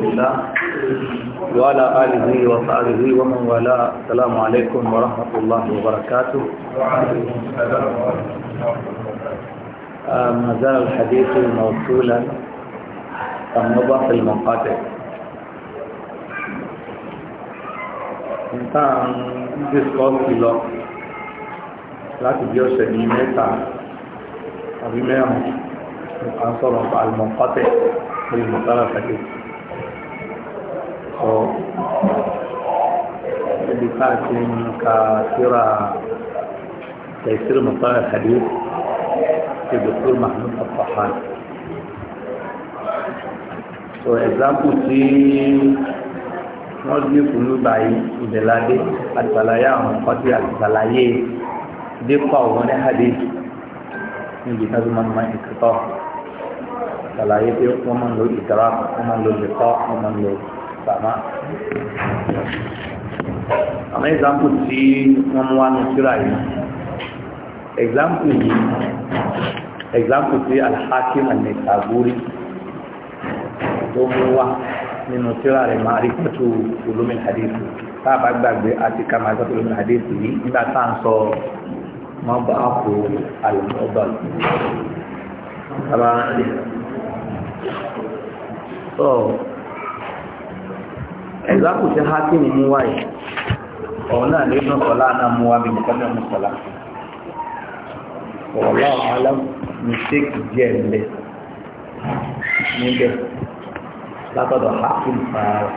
رسول الله وعلى آله وصحبه ومن والاه السلام عليكم ورحمة الله وبركاته آه، ما زال الحديث موصولا النظر في المقاتل nǹkan discourse lọ láti bí ọ̀sẹ̀ ní mẹ́ta àbí mẹ́rin nǹkan sọ̀rọ̀ àlùmọ̀kọ́tẹ̀ lórí mọ̀tàlá sọ níbi káàkiri ń ka síra tẹ̀sír mọ̀tàlá kàdé ti dr mahmoud afahan so example tí wọ́n gbé kùnú báyìí ìdẹ̀ládé àtàlàyé àwọn kọ́tí àtàlàyé dípò àwọn ẹ̀hádé níbi tábí máa ń ma ìkẹtọ́ àtàlàyé pé wọ́n máa ń lo ìdára wọ́n máa ń lo lẹ́kọ́ wọ́n máa ń lo bàbá àwọn ẹ̀zámpù tí wọ́n mú wá ní síra yìí ẹ̀zámpù yìí ẹ̀zámpù tí alhakim anẹ̀tàgórí tó mú wá nínú síra rẹ̀ máa rí pẹ̀tù olómi hadithi tá a bá gbàgbé àti ká máa gbàgbé olómi hadithi yìí nígbà tá à ń sọ mọ́bà kò àlùmọ́bà lọ ẹ̀zákù ṣe hákìmì mú wáyé ọ̀hún náà lè dùn sọ̀lá náà mú wá bí nìkan náà mú sọ̀lá ọ̀lá ọ̀hálà mistake díẹ̀ lẹ̀ níbẹ̀ látọ̀dọ̀ hákìmì fara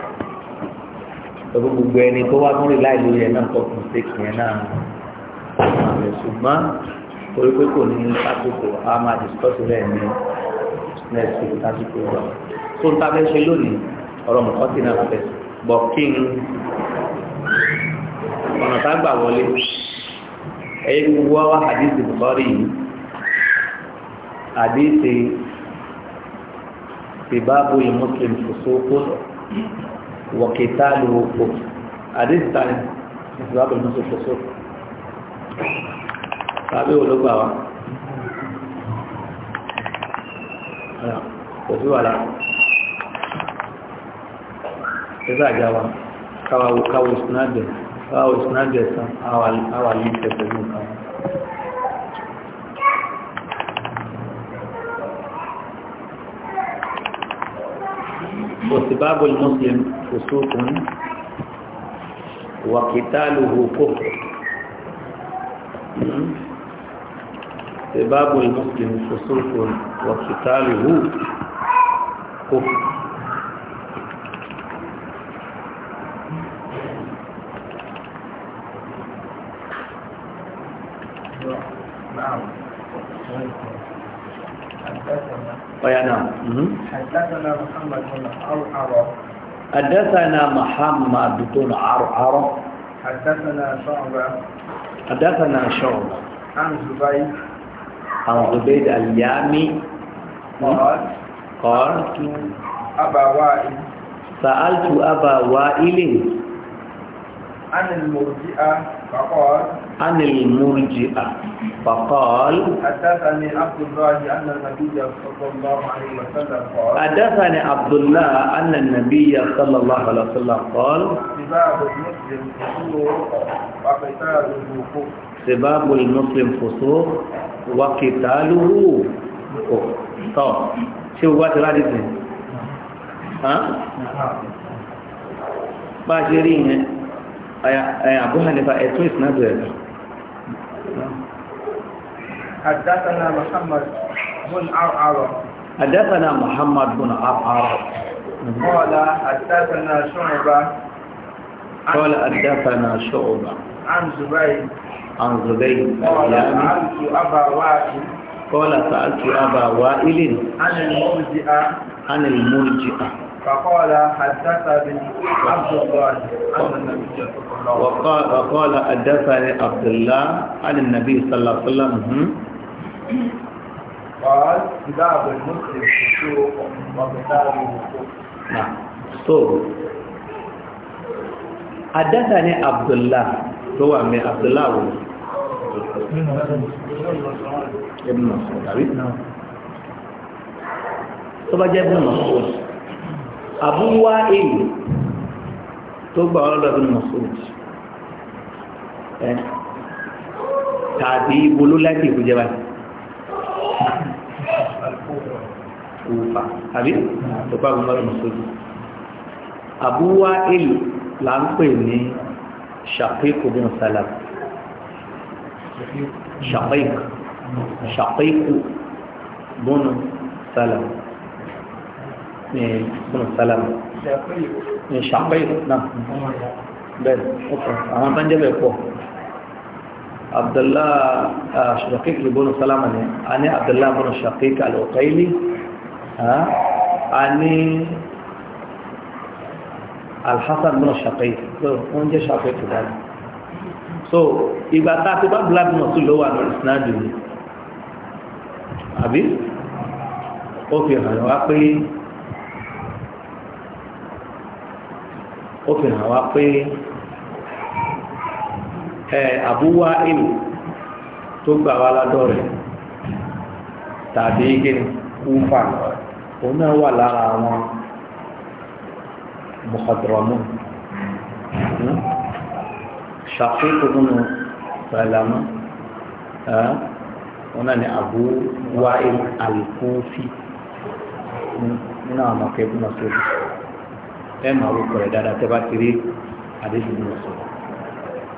tọ́gbọ́ gbogbo ẹni tó wá tún lè láì lórí ẹ̀ náà tọ́kùn mistake yẹn náà àmì ṣùgbọ́n torí pé kò ní sásìkò a máa discuss rẹ̀ ní next week sásìkò rẹ̀ tó ń tábẹ́ ṣe lónìí ọ̀rọ̀ mọ̀kọ́tì náà fẹ́ sí bọ̀ kí n ọ̀nà tá gbà wọlé ẹ̀yẹ gbogbo wa àdíṣe bùkọ́rì yìí àdíṣe ìbáàbò yìí muslim fòsókó wọ̀kìtà lóòpò àdíṣe tani ìbáàbò yìí muslim fòsókó tàbí olóògbà wa kò sí ìrà àjáwà káwàwò sinadẹ̀ san àwà yìí tẹ̀sẹ̀ ní ọ̀kan وسباب المسلم فسوق وقتاله كفر سباب المسلم فسوق وقتاله كفر حدثنا محمد بن عرعر حدثنا محمد بن عرعر حدثنا شعبة حدثنا شعبة عن زبيد عن زبيد اليامي قال قال أبا وائل سألت أبا وائل عن المرجئة فقال عن المرجئة فقال حدثني عبد الله أن النبي صلى الله عليه وسلم قال حدثني عبد الله أن النبي صلى الله عليه وسلم قال سباب المسلم فسوق وقتاله كفر سباب المسلم فسوق وقتاله كفر طب شوف وقت الحديث ها؟ ما شيرين أي أبو حنيفة أتويس نزل حدثنا محمد بن عرعر حدثنا محمد بن عرعر قال حدثنا شعبة قال حدثنا شعبة عن زبيد عن زبيد قال سألت أبا وائل قال سألت أبا وائل عن المرجئة عن المرجئة فقال حدثني عبد الله عن النبي صلى الله عليه وسلم وقال حدثني عبد الله عن النبي صلى الله عليه وسلم قال كتاب المسلم الشوق وكتاب حدثني عبد الله هو من عبد الله ابن مسعود tó bá jẹ́ bí mọ̀ àbúwá èyí tó gbà ọ́lọ́dọ̀ bí mọ̀sùlùmí ẹ tàbí ibo ló láti ìlú jẹba kúfà àbí tó bá gbọ́n lọ́dọ̀ mọ̀sùlùmí àbúwá èyí là ń pè ní ṣàpéèkù bí mọ̀sálàm ṣàpéèkù ṣàpéèkù bọ́nù sálàm ní bùnú sálámù ní ṣàpẹ́yì náà bẹ́ẹ̀ ọ̀pọ̀ àwọn tó ń jẹ́ bẹ́ẹ̀ pọ̀ abdullah shakik ní bùnú sálámù ni a ní abdullah bùnú shakik al-uqayli a ní alhassan bùnú shakik wọ́n jẹ́ shakik dáadáa so ìgbà tá a ti bá blood nurse ló wà lórí ni àbí ó fi hàn wá pé ó fi hàn wá pé ẹ àbúwá ìlú tó gbà wá ládọ́ rẹ̀ tàbí igi kúfà òun náà wà lára àwọn mọ̀kàdùrọ̀mù ṣàkóso nínú sàlámù òun náà ni àbúwá ìlú àlùkúfì nínú àwọn akẹ́kọ̀ọ́ náà sórí ẹ máa wò kọ̀rẹ̀ dáadáa tẹ́ bá ti rí àdéhùn ní ọ̀sán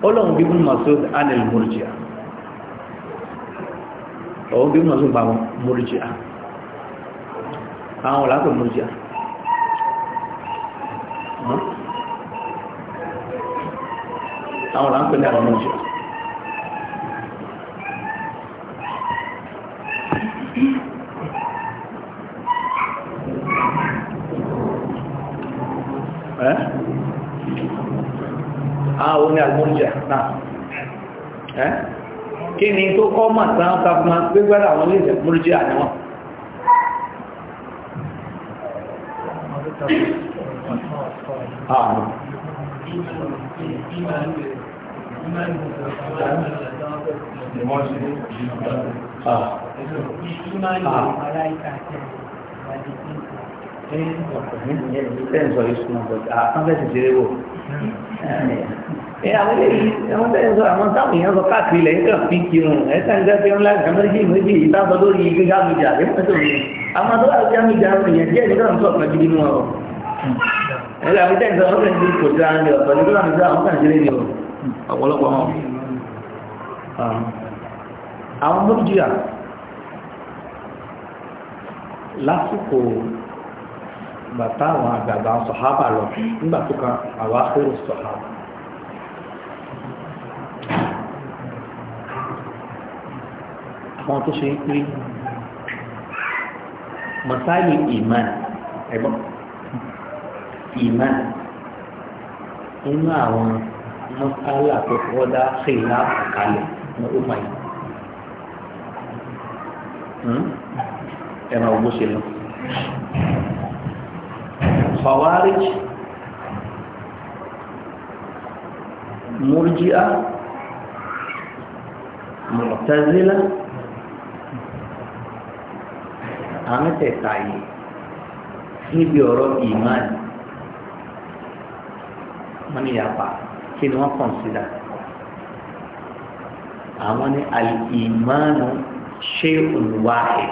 ọlọ́run bí mú masoud anil murjia ọ̀hún bí mú masoud bá wọn murjia àwọn làákò murjia àwọn làákò ní àwọn murjia. àwọn ah, ní àgbóríjà náà ẹ́ kí ni tó kọ́ mà tán tàbí gbégbára àwọn ilé ìmúríjà ni wọ́n Ẹni ọ̀pọ̀ ní ẹ̀rọ ìfẹ́ ìsọ̀rọ̀ ìsúná bọ̀dá, àwọn ẹ̀sìn jẹ́rẹ́wò ẹ àwọn eléyìí àwọn tẹ́ ẹ sọ àwọn táwọn èèyàn sọ káàkiri lẹ́yìn kan fi kírun ẹ sẹ́ni tẹ́ fi ńlá kàmẹ́rẹ́jì méjì ìtàkùn lórí gbígbá mi jà lé pẹ́tò mi àwọn tó wà lórí mi jà lórí yẹn díẹ̀ nígbà tó ọ̀kan gidi nù ọ̀rọ̀ ẹ lọ àwọn tẹ́ ẹ sọ àwọn tẹ́ lásìkò bàtà àwọn àgbààgbà sọ̀hábà lọ nígbà tó kan àwọn akérò sọ̀hábà. àwọn tó ṣe pé mọ̀sáàlì ìmán ẹ̀gbọ́n ìmán nínú àwọn mọ́sálà tó fọ́dá ṣèlá àkàlẹ̀ ní ó yìí ẹ̀rọ ògbó ṣe lọ khawarij murji'a mu'tazila àwọn tẹ̀ta yìí níbi ọ̀rọ̀ ìmáàlì wọ́n ní yàpá kí ni wọ́n kọ̀nsídà àwọn ní al-ìmánu shay'un wahid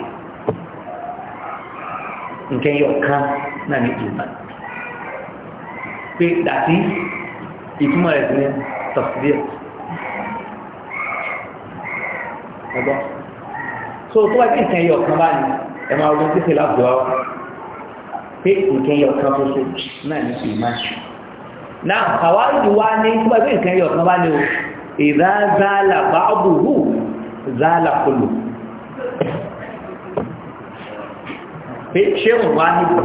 nǹkan yọ̀ọ̀kan náà ní ìmáàlì pé dàtí ìtumọ̀ rẹ̀ sí ní tọ̀sídìẹ̀ ẹgbọ́n so tó bá ti nǹkan ẹyọ kan bá ní ẹ máa ronú títí lábùdó wa pé nǹkan ẹyọ kan tó so náà ní kì í máa ṣe náà àwárí wa ní tó bá ti nǹkan ẹyọ kan bá o ìdá zálà bá ọ̀bùrù zálà kọlù pé ṣé òun wá níbi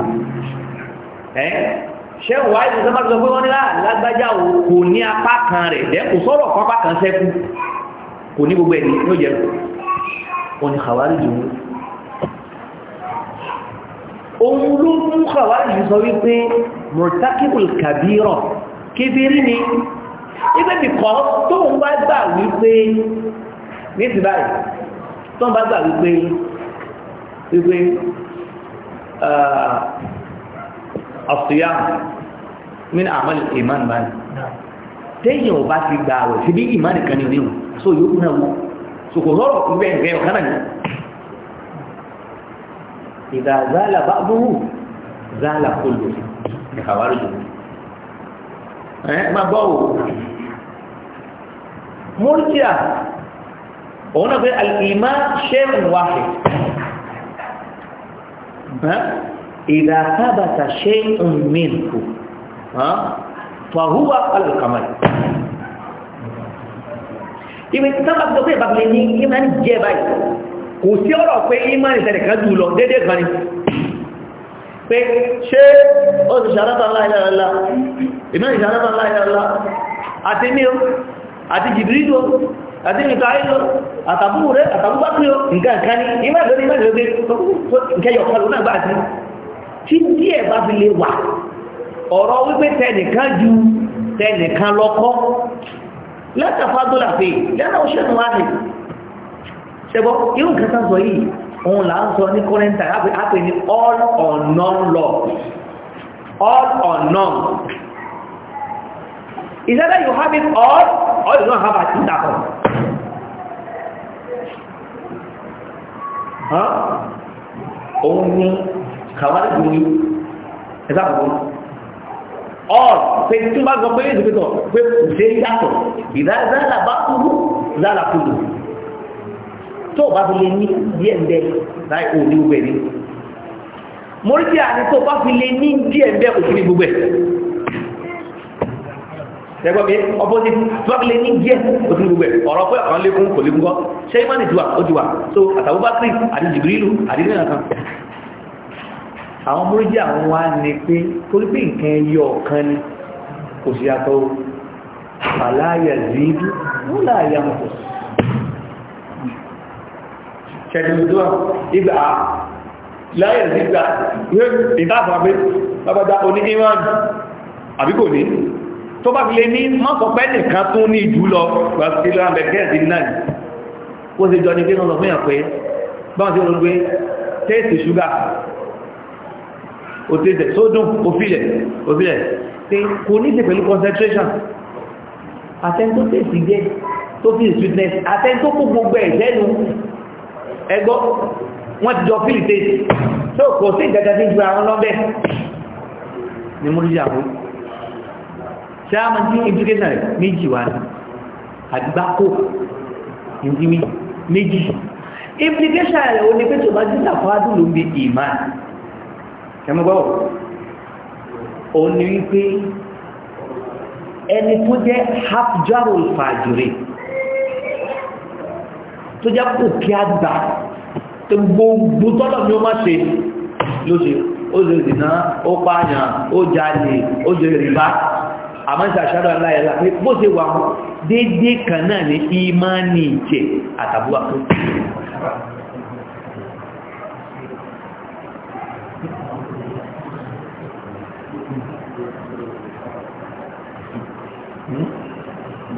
ẹ́ ṣé wàá ìdí sọ́mọ́ sọ pé wọ́n ní lágbájá o kò ní apá kan rẹ̀ dẹ́ kò sọ̀rọ̀ kan apá kan sẹ́kù kò ní gbogbo ẹ̀dí yóò jẹ́ wọn ni kàwárí jù ohun ló mú kàwárí jù sọ wípé murtakibul kabira kébìrì ni ibẹ̀ nìkan tóun bá gbà wípé ní ti báyìí tóun bá gbà wípé wípé àfíyà mínú àmọ́lì ìmán bá ní tẹ́yìn ọba ti gba àwẹ̀ sí bí ìmán nìkan ní oníwọ̀n so yóò kún ẹwọ́ so kò lọ́rọ̀ ìgbẹ́ ìgbẹ́ ọ̀kan náà ní ìgbà zálà bá búrú zálà kó lò ní àwárí lò ẹ̀ máa gbọ́ wò mọ́ríkíà òun náà pé alìmá ṣẹ́rùn wáṣẹ̀ إذا ثبت شيء منه ها فهو القمر ibi tí sábà tó pé ìbáfilé ní ìmá ń jẹ báyìí kò sí ọ̀rọ̀ pé ìmá ìsẹ̀lẹ̀ kan jù lọ dédé kan ni pé ṣé ó ti ṣàrátà láìláìlá ìmá ìṣàrátà láìláìlá àti ní o àti jìbìrìdò àti nìkan ayé lọ àtàbúrẹ́ àtàbúgbàtí o nǹkan kan ní tí díẹ̀ bá fi lè wà ọ̀rọ̀ wípé tẹnìkan ju tẹnìkan lọ́kọ́ látàfà tó làfẹ́ lẹ́nà òṣèlú wá ní ṣẹgbọ́ irú kẹta sọ yìí òun là ń sọ ní kọ́rẹ́ntà ápè ní all or none law all or none is either you have it all or you don't have it at all òun ni kàwárí kò ní ẹ̀sà kò ní ọ̀ pé tí wọ́n gbọ́ pé yéé dùgbẹ́tọ̀ pé kò ṣe é yàtọ̀ ìdáradára bá kúrú lára kúrú tó o bá fi lè ní díẹ̀ ń bẹ láì ò ní gbogbo ẹ̀ ní mọ́rídì àti tó o bá fi lè ní díẹ̀ ń bẹ kò sí ní gbogbo ẹ̀ ẹgbọ́n mi ọpọ́sí tọ́kílẹ̀ ní díẹ̀ òtún gbogbo ẹ̀ ọ̀rọ̀ pé ọ̀kan lékún kò lékún kọ́ ṣe ìmọ̀ nìtúwà ó ti wà so àtàwọn bá kí àti jìbìrìlù àti nínú kan àwọn múrídì àwọn wá ní pé torí pé nǹkan ẹyọ ọ̀kan ni kò sí yàtọ̀ àláyà zídú wọ́n láàyà mọ̀ ṣẹ̀dùnúdúwà ìgbà láyà zígbà ìtàfà pé bábádá oní iran àbí kò ní tó bá fi lè ní mọ́sọ̀pẹ́ nìkan tún ní ìjú lọ pẹ̀lú àbẹ̀kẹ́ẹ̀sì náà ó sì jọ ní pé wọ́n sọ fún yàn pé báwọn tí ó rọ pé tẹ́ẹ̀sì ṣúgà ó tẹ́tẹ̀ tó dùn ó filẹ̀ ó filẹ̀ pé kò ní ṣe pẹ̀lú concentration àtẹ́ntó tẹ̀sí jẹ́ tó fi sweetness àtẹ́ntó kó gbogbo ẹ̀ lẹ́nu ẹgbọ́ wọ́n ti jọ fílì tẹ́sí tó kò sí ìgbàgbà tí ń ju àwọn lọ́bẹ̀ ni mo rí àwọn sáàmù tí implication rẹ̀ méjì wà ní àdìbákò ìdí méjì implication rẹ̀ ó ní pé tó ìmáà ẹmúgbọ́ òun ni wípé ẹni tó jẹ́ hapjaro ìfàjòrè tó jẹ́ kò kí á gbà tó gbogbo tọ́lọ̀ ni ó má ṣe ló ṣe ó ṣe ìdìná ó pààyàn ó jalè ó ṣe rìbá àmọ́ ìṣàṣàrọ̀ aláìlá pé bó ṣe wà déédéé kan náà ní ìmánì ìjẹ àtàbúwà tó kí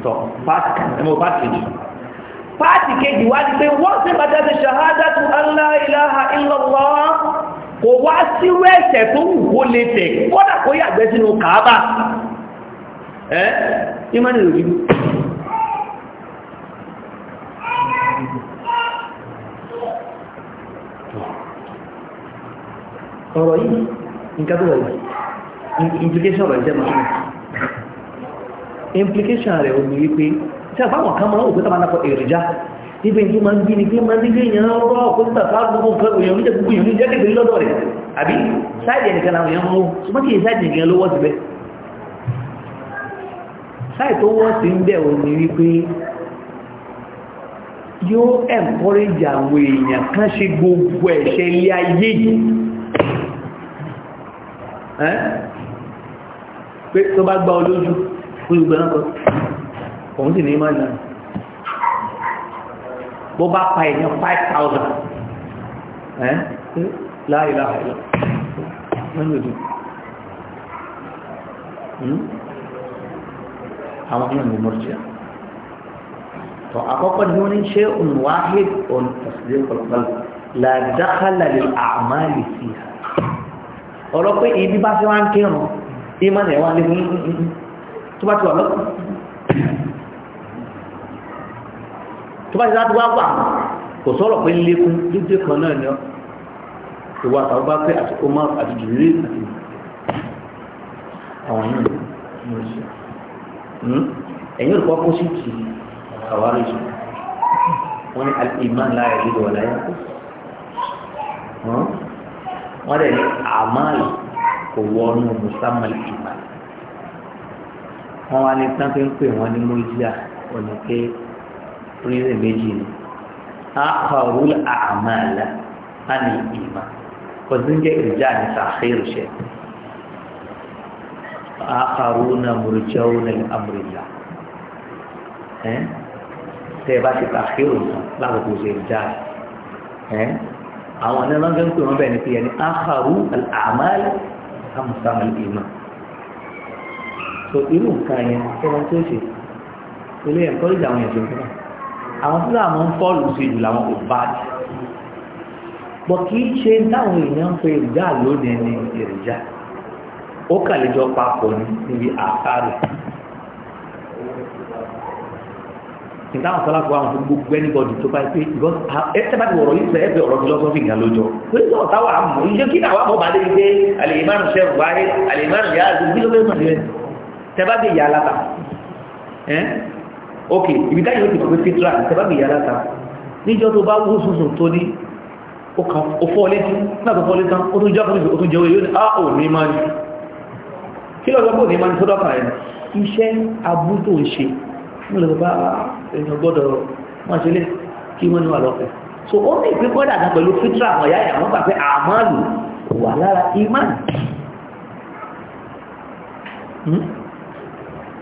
tọ̀ pàtì kejì pàtì kejì wá ti pé wọ́n sì bá jáde ṣàhádà tó la ilaha illallah kò wá sírú ẹ̀ṣẹ̀ tó wù kó lè tẹ̀ kódà kó yàgbẹ́ sínú kàábà ẹ́ ìmọ̀ nílò dúdú ọ̀rọ̀ yìí nǹkan tó wọ̀ implication ọ̀rọ̀ ìjẹ́ mọ̀ implication rẹ̀ ò ní wípé tí a bá wọn ká máa òkúta máa nàkọ èròjà níbi tí máa ń bí ni pé máa ń dígbé èèyàn rọ́ òkúta fáwọn gbogbo nǹkan èèyàn oníjẹ gbogbo èèyàn oníjẹ kékeré lọ́dọ̀ rẹ̀ àbí sáìdì ẹnìkan làwọn èèyàn mú ṣùgbọ́n kì í sáìdì nìkan ló wọ́ síbẹ̀ sáì tó wọ́ sí ń bẹ̀ ò ní wípé yóò encourage àwọn èèyàn kan ṣe gbogbo ẹ̀ṣẹ̀ ilé ayé yìí pé tó bá gbá olójú pé gbogbo ẹranko òun sì ní ìmọ̀ ìlànà bó bá pa èèyàn five thousand ẹ́ láàyè láàyè lọ wọ́n yóò dùn hmm? àwọn ọmọ ìlú mọ́rìtíà tó àkọ́kọ́ ni wọ́n ní ṣe òun wáhid òun tàṣílẹ̀ pọ̀lọpọ̀lọ làdáhàlà lè àmàlì sí ọ̀rọ̀ ibi bá fi wá ń kírun ìmọ̀ ẹ̀ tó bá ti wà lọ́pọ̀ tó bá ti láti wá wà kò sọ̀rọ̀ pé lékún dídé kan náà ni ìwà àtàwọn bá pé àti omar àti jùlé àti àwọn yìí hmm? ẹ̀yìn olùkọ́ kó sí ti àwárí jù wọ́n ní alìmán láyé lílo ọ̀láyé wọ́n dẹ̀ ní àmàlì kò wọ́n nù mùsàmàlì wọ́n wá ní sáńpé ń pè wọ́n ní mọ́jíà ọ̀nà pé orílẹ̀ méjì ni akọrùl àmàlà á ní ìmà kọ̀sí jẹ́ ìjà ní sàkírù ṣe akọrùnà mùrùjọ́nà àmùrìlà tẹ́ bá ti sàkírù náà lákòókò ṣe ìjà àwọn ọ̀nà lọ́gbẹ́ ń pè wọ́n bẹ́ẹ̀ ni pé yẹn ni akọrùl àmàlà á mùsàmù ìmà tó irú nǹkan yẹn kí wọ́n tó ṣe ilé ẹ̀kọ́ ìjà àwọn ẹ̀jẹ̀ nípa àwọn tí làwọn ń fọ́ọ̀lù sí ìlú làwọn kò bá jù bọ̀ kì í ṣe táwọn èèyàn ń pe ìjà lónìí ní ìrìjà ó kàlejò papọ̀ níbi àkárò ìtàwọn sọlápọ̀ àwọn fún gbogbo ẹnibọ̀dì tó báyìí pé ìbọn ẹ̀ẹ́dẹ́gbàtí ọ̀rọ̀ yìí sẹ́ẹ̀ fẹ́ ọ̀rọ̀ fílọ́sọ́fì ìyá lójọ́ pẹ̀lú ọ̀táwà àmọ̀ iṣẹ́ kí náà wà mọ́ bá dé ilé alèmánù sẹ́rù wáyé alèmánù yáà tẹ́bá bí ìyá aláta ẹ́n ok ibi táyé ó ti pẹ̀lú fitra tẹ́bá bí ìyá aláta níjọ́ tó bá wó sùsùn tó ní ó fọ́ létí náà tó fọ́ létí ó tún jẹ́ fún ìtún jẹ́wé yóò ní á ah, ò ní máa ní kí lọ́jọ́ bó ní máa ní tó dọ́kà rẹ̀ iṣẹ́ abú tó ń ah, so ó ní ìpín kọ́dà kan pẹ̀lú fitra àwọn ìyá ìyàwó gbà pé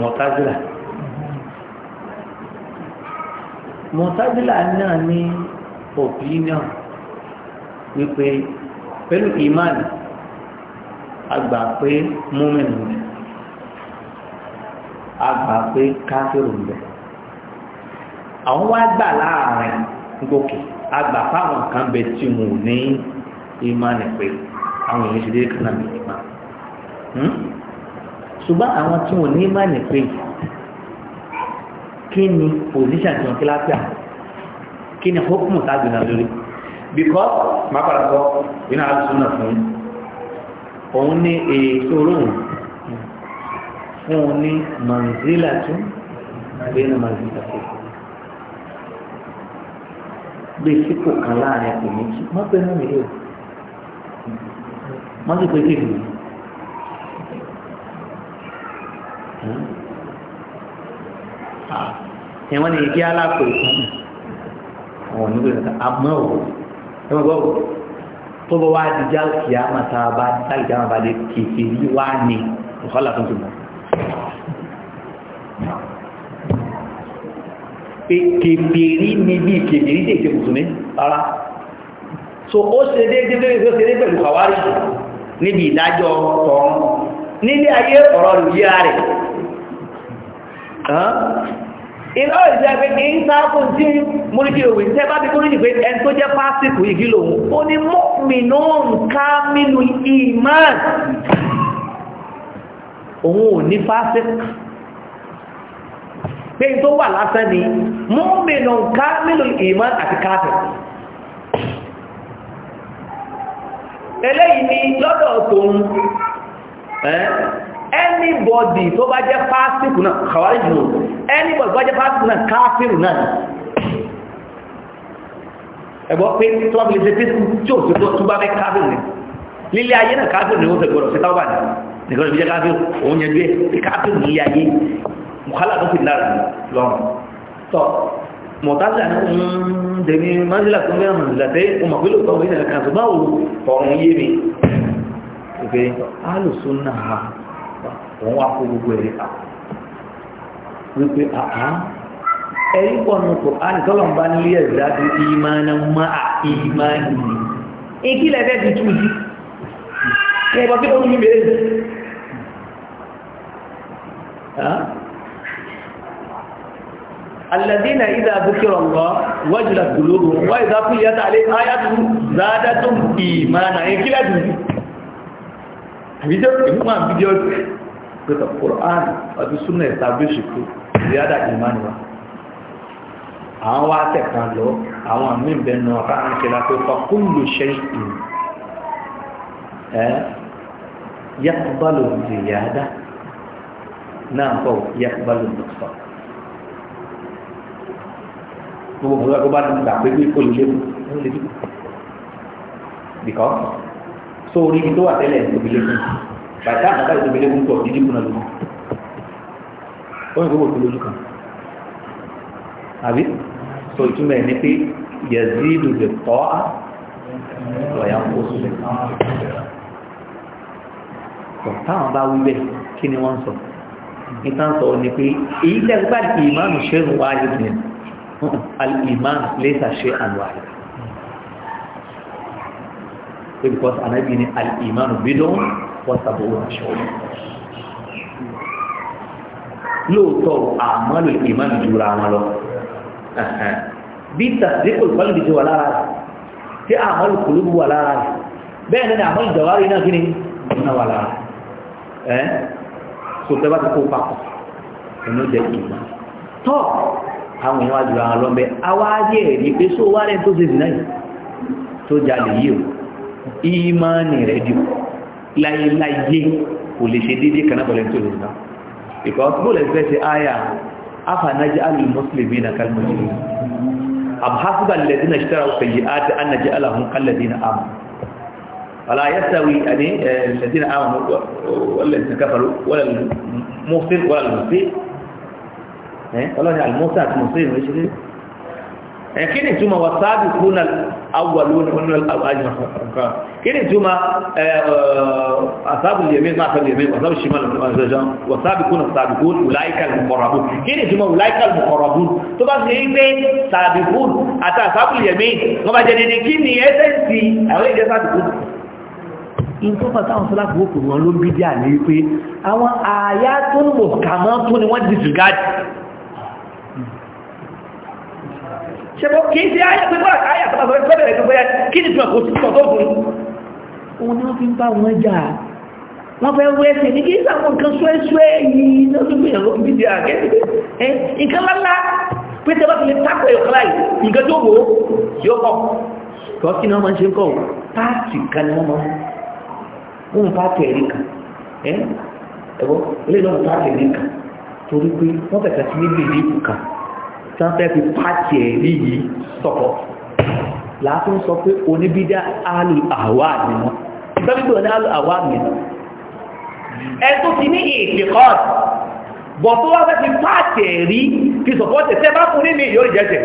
mọ̀tázìlà mọ̀tázìlà náà ní opinion wípé pẹ̀lú imani àgbà pé múmìnì rẹ̀ àgbà pé káfíìrù rẹ̀ àwọn wá gbà láàrin gòkè àgbà fáwọn kan bẹ tí wọn ò ní imani pé àwọn èèyàn ṣe dé kánà mi ìmá ṣùgbọ́n àwọn tí wọ́n ní mánì pé kí ni position tí wọ́n kí lápíà kí ni hókùnmù tágbì náà lórí bíkọ́ máa padà sọ iná alùsùnà fún òun ní èso olóhùn fún òun ní manzila tún bẹ́ẹ̀ni manzila fún gbé sípò kan láàrin àpò méjì má náà mi lò pé kéèké ẹ̀ wọ́n ní kí alákò ìtàn àwọn onígbò ìtàn àmọ́ ò ẹ̀ wọ́n gbọ́ tó bọ́ wá dìjà kì á máa ta bá dìjà kì á máa bá dé kìkì yìí wá ní ìkọlà tó ti mọ̀. kèbèrè ní bí kèbèrè dé ìṣe mùsùlùmí rárá so ó ṣe déédéé lórí ìṣe déédéé pẹ̀lú kàwárí níbi ìdájọ́ tọ̀ọ̀rùn nílé ayé ọ̀rọ̀ rẹ̀ yíra iná ìjẹ́ pé kí ń sáàkù tí múríkì òwe tẹ́ bá bí múríkì pé ẹni tó jẹ́ pásìkò ìgí lòun ó ní mọ́mìnà ká mínú ìmáàn òun ò ní pásìkò pé tó wà lásán ni mọ́mìnà ká mínú ìmáàn àti káfẹ̀ eléyìí ni lọ́dọ̀ tòun anybody tó bá jẹ́ fásitì náà kàwárí jù anybody tó bá jẹ́ fásitì náà káfíìrù náà ẹ̀bọ́ pé tó bá fi lè ṣe pé tí ò tó tó bá fẹ́ káfíìrù ní lílé ayé náà káfíìrù ní ó fẹ́ gbọ́dọ̀ sí táwọn bàdà nìkan ìbí jẹ́ káfíìrù òun yẹn gbé pé káfíìrù ní ilé ayé mùkálà tó fi lára lọ́rùn tọ́ mọ̀tálà ní dẹ̀mí alùsùn náà òun wá kó gbogbo ẹ̀rí kà wípé àá ẹ̀rí pọ̀ nù kò á nìtọ́lọ̀ ń bá nílé ẹ̀dá tó ìmáná má a ìmáná yìí èkí lẹ́fẹ́ ti tú sí ní ẹ̀bọ̀ kí lóun níbẹ̀ الذين إذا ذكر الله وجلت قلوبهم وإذا تليت عليهم آياته زادتهم إيمانا إيه كلا دي àbíjọ́ ìmú máa bíjọ́ duka ƙor'ani àti súnà ìtàbíṣì pé ìyádà ìmáni wa àwọn wá tẹ̀ka lọ àwọn àmìbẹ̀ náà ránkẹ́lá pé fàkúlù ṣe ìlú ẹ́ yàkùbálò ìyádà náà kọ́ yàkùbálò ìdọ̀fà gbogbo ọ̀gá bá dùn gbà pé bí kò lè mú lè bìkọ́ sórí tó wà tẹ́lẹ̀ bàtà àgbàdo ìdòbí lẹ́kùn pọ̀ dídí kùnà lónìí ó yẹ kó wò tó lójú kan àbí sọ ìtumọ̀ ẹ̀ ní pé yazidu bi ta'a wa yanqusu bi táwọn bá wí bẹ́ẹ̀ kí ni wọ́n sọ nítorí sọ ni pé èyí dẹ́gbà ìmáàmù ṣẹ́nu wáyé ni al-imáàmù lẹ́sà ṣe àlùwáyé because anabi ni al-imáàmù bidon وسبعون شعوبا lóòótọ́ àmọ́ lè fi máa jura wọn lọ bí tàṣíkò ìpàlùbí ti wà lára rẹ̀ tí àmọ́ lè kùlùbù wà lára rẹ̀ bẹ́ẹ̀ ni àmọ́ ìjọwárí náà gíní ìrìnà wà lára ẹ́ so tẹ́ bá ti kó papọ̀ inú jẹ́ ìgbà tọ́ àwọn èèyàn wájú àwọn lọ́mẹ́ awáyé rí pé só wárẹ́ tó ṣe sí náà tó jalè yìí o ìmánì rẹ̀ dìbò láyéláyé kò lè ṣe déédéé kan náà pẹ̀lú tó lè sá because bó lè fẹ́ ṣe àyà afànájẹ́ alùlù mùsùlùmí na kalmùsùlùmí àbúhásùgbà lẹ́dí na ṣítara òfèyí àti anájẹ́ aláhùn kálẹ̀dí na àmà wàlá yẹ́sàwí àní lẹ́dí na àmà wọ́lẹ̀dí káfàrú wọ́lẹ̀dí mọ́fẹ́ wọ́lẹ̀dí mọ́fẹ́ Eh, kí ni túmọ̀ wasabi kuna awwaluna wal awajin kan kí ni túmọ̀ eh, eh, asabu yamin ma asabu yamin wasabu shimal wasajan wasabi kuna sabiqun ulaika al muqarrabun kí ni túmọ̀ ulaika al muqarrabun tó bá ṣe pé sabiqun ata asabu yamin no ba jẹ́ ni kí ni essence àwọn je sabiqun in tó fàtà àwọn sọ́lá fòókù wọn ló ń bí díà ní wípé àwọn àyá tó ń disregard ṣẹ́bọ́ kìí sí ayẹ́ pẹ́gbọ́ àkáyà tó bá sọ ẹgbẹ́ bẹ̀rẹ̀ gbogbo ẹ kí ni túnmọ̀ kò sí tọ̀ tó gùn òun ni wọ́n fi ń bá wọn jà wọ́n fẹ́ wé ẹsẹ̀ ní kí sàwọn nǹkan ṣúẹ́ṣúẹ́ yìí náà tó gbìyànjú bí i àgẹ́sẹ̀ ẹ nǹkan lálá pé tẹ́ bá fi lè tako ẹ̀kọ́ láì nǹkan tó wò ó yóò kọ́ kọ́ kí ni wọ́n máa ń ṣe ń kọ́ torí pé wọ́n fẹ̀ka sí ní gbèdéèkù kan tán fẹ́ fi pàtì ẹ̀rí yìí sọ̀kọ̀ láàfin sọ pé oníbídá alù àwà ni wọn ìgbẹ́gbẹ́ ní alù àwà ni wọn ẹ tó ti ní ìpìkọ́ bọ̀ tó wá fẹ́ fi pàtì ẹ̀rí fi sọ̀kọ́ tẹ̀ tẹ́ bá fún ní mi yóò jẹ́jẹ̀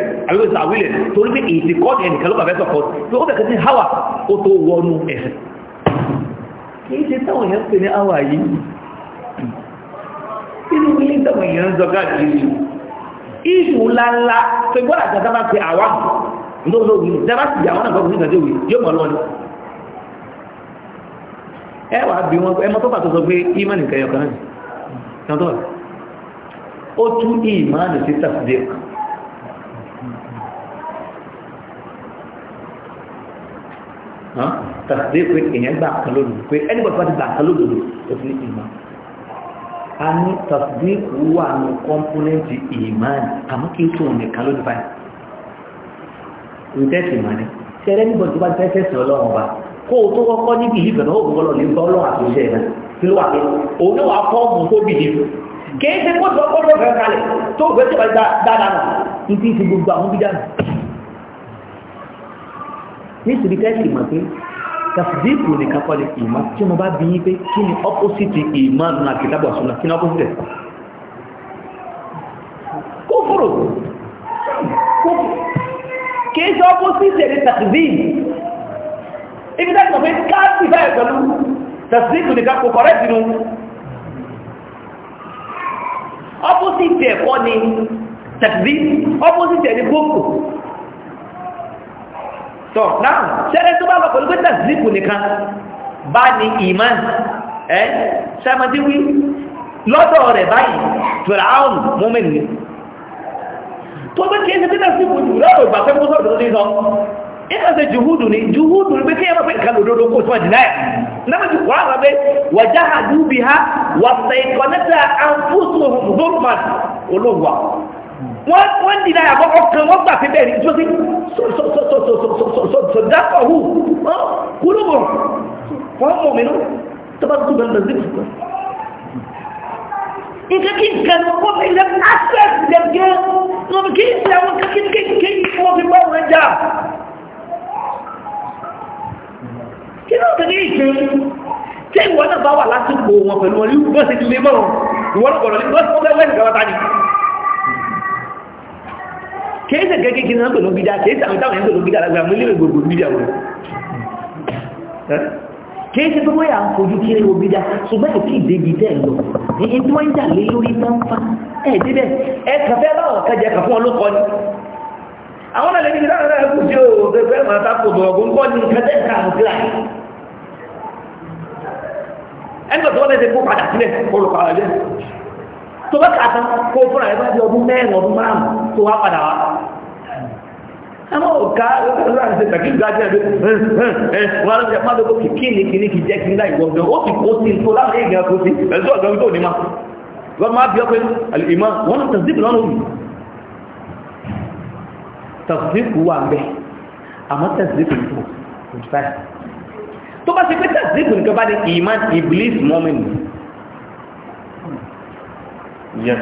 hawa ó tó wọnú ẹ̀sìn kì í ṣe táwọn èèyàn pè ní hawa yìí kí ni wọ́n yé táwọn ń zọ káàkiri ìdù ńláńlá pé gbọ́dọ̀ àti àtàbà ti àwa ńlọ́wọ́ wí dábà ti àwọn náà gbọ́dọ̀ nígbàdé wí yóò mọ̀ lọ́ni. ẹ wàá bí wọn ẹ mọ tó pàtó sọ pé ìmánì kẹyọ kan náà kan tó wà ó tún ìmánì sí tàfídé kan. tàfídé pé èèyàn gbà kan lónìí pé ẹnìbọ̀dì bá ti gbà kan lónìí ó ti ní a ní tasdiq wà ní kọ́mpónẹ́ntì ìmán àmọ́ kí n tó nìkan ló dìbà ìtẹ́sì mà ní ṣẹlẹ̀ níbo tó bá tẹ́sẹ̀ sí ọlọ́run ọba kó o tó kọ́kọ́ ní bìlí pẹ̀lú òògùn ọlọ́run ní bá ọlọ́run àti oṣù ẹ̀dá kí ló wà pé òun náà wà fọ́ọ̀mù tó bìlí kìí ṣe kó tó kọ́ lọ́fẹ̀ẹ́ kalẹ̀ tó o fẹ́ tó bá dáadáa nà ní ti gbogbo àwọn bídà nù nítorí tẹ́sì mà pé tafdiku ni kakọ́ ni iman tí mo bá bí yí pé kí ni opposite iman na kitabu wa sunna kí ni opposite kúfùrù kìí ṣe opposite ni tafdil ibi tá ìgbàgbé káàkiri báyìí pẹ̀lú tafdiku ni kakọ́ correct nu opposite ẹ̀kọ́ ni tafdil opposite ẹ̀ ni kúfùrù tọ́ náà sẹ́rẹ́ tó bá lọ pẹ̀lú pé tàzíkù nìkan bá ní ìmán ẹ́ sẹ́mọ́tí wí lọ́dọ̀ rẹ̀ báyìí fìràún mọ́mìn ni tó bẹ́ kí ẹ́ sẹ́tí náà síkù jù lọ́rọ̀ ìgbà pẹ́ mọ́sọ̀ òdòdó ní sọ ìkà sẹ jùhúdù ni jùhúdù ni pé kí ẹmọ́ pé ìkà lòdòdó kò tó àjìnà ẹ̀ náà jù kọ́rọ̀ àwọn pé wàjá àdúbì ha wàtẹ̀ ìkọ̀nẹ́tà wọ́n wọ́n dìda yàgò ọkàn wọ́n gbà pé bẹ́ẹ̀ ni jọ́sí sọ̀dáfọ̀ hù kúrò bọ̀ wọ́n mọ̀ mí nù tọ́ba tó bẹ̀rẹ̀ lọ sí ìfúkọ́. nǹkan kí nǹkan wọ́n fi lẹ́m access lẹ́m gẹ́ wọ́n fi kí n ṣe àwọn nǹkan kí kí kí wọ́n fi bá wọn jà. kí ló ń tẹ̀lé ìṣe tí ìwọ náà bá wà lásìkò wọn pẹ̀lú wọn ní bọ́sẹ̀ ilé mọ́ ìwọ náà gbọ́dọ̀ ní bọ́sẹ̀ kéèsè gẹ́gẹ́ kí náà pẹ̀lú bídá kéèsè àwọn táwọn ẹ̀ńtò ló bídá lágbà mú ilé gbogbo bídá wọn kéèsè tó wáyà ń fojú kí ewo bídá ṣùgbọ́n èkì ìdébí tẹ́ lọ èyí tí wọ́n ń jà lé lórí pánpá ẹ̀ débẹ̀ ẹ kàfẹ́ bá wọn kẹjẹ kà fún wọn ló kọ ni tó bá kà tán kó fúnra ẹ bá di ọdún mẹ́rin ọdún márùn tó wá padà wá. àmọ́ ọ̀gá ọ̀gá ṣe tàkì gbájú ẹ̀dọ́ wọn lọ́dún jẹ́ pàdé kó kí ní kí ní kí jẹ́ kí ní láì gbọ́dọ̀ ó sì kó sí tó láwọn èèyàn kó sí ẹ̀sọ́ ọ̀dọ́ tó ní ma wọ́n máa bí ọpẹ́ ìmọ̀ wọn tẹ̀síkù lọ́nà òbí tẹ̀síkù wà bẹ́ẹ̀ àmọ́ tẹ̀síkù tó bá ṣe pé tẹ̀síkù nìkan bá ní ìmọ̀ ìbílísì yẹn